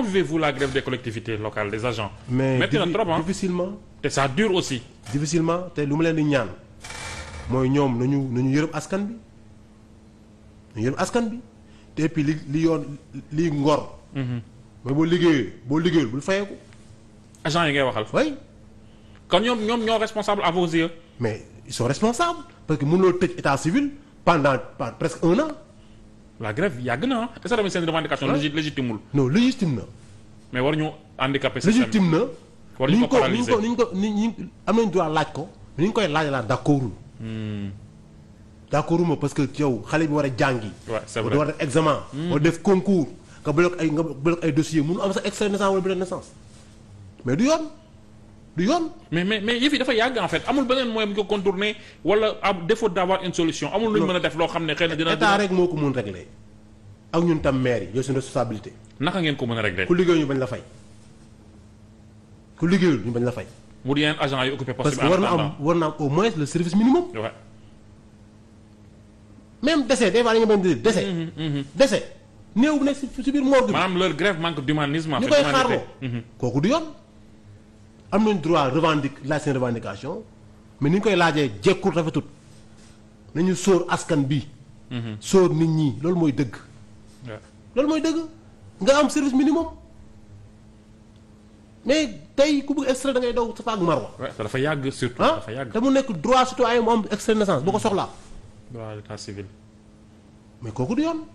avez-vous la grève des collectivités locales des agents. mais métti na trop difficilement. te ça dure aussi. difficilement te lu ma leen di ñaan mooy ñoom nañu nañu yërëm askan bi nañu yërëm askan bi te et li li yoon li ngor. Mm-hmm. mooy boo liggéeyee boo liggéeyul bul fayeeku. agent yi ngay waxal. oui. kon ñoom ñoom ñoo responsable à vos yeux. mais ils sont responsables parce que mënuloo tëj état civil pendant pendant presque un an. la grève yàgg na ah. est ce que tamit seen revendication légitime non légitime na. mais war ñu handicapé. légitime na war ñu ko paralysé ni ñu ko ni ñu ko am nañu droit laaj ko ni ñu koy laaj laa d' accordul. Hmm. d' accorduma parce que yow xale bi war a jàngi. waaw c' est vrai war a def examen. Hmm. war def concours nga bloqué ay nga bloqué ay dossiers mënu am sa extrait naissance wala bulletin naissance mais du yoon. du yoon. mais mais mais yëf yi dafa yàgg en fait amul beneen moyen bu ñu ko contourner wala am défaut d'avoir une solution. amul lu ñu mën a def loo xam ne xëy na dina. état rek moo ko mun régler ak ñun tam maire yi yow seen responsabilité. naka ngeen ko mën a régler. ku liggéeyul ñu bañ la fay ku liggéeyul ñu bañ la fay. mu di yeneen agent yu occupé poste bi. parce que war na am war na am au moins le service minimum. waaw. même décès des fois dañu bañ di dese mm-hmm, mm-hmm. décès néew bu nekk si biir morgue bi. maanaam leur grève manque d'humanisme. ñu koy xaarloo mm-hmm. kooku du yoon. am nañ droit revendique laaj seen revendication mais ni ñu koy laajee jekkul rafetut nañu sóor askan bi mhm. sóor nit ñi loolu mooy dëgg loolu mooy dëgg nga am service minimum mais tey ku bëgg extrait da ngay daw Safa ak Marwa dafa yàgg surtout ah? dafa yàgg te mu nekk droit citoyen mu am extrait naissance boo ko mhm. soxla droit mais kooku du yoon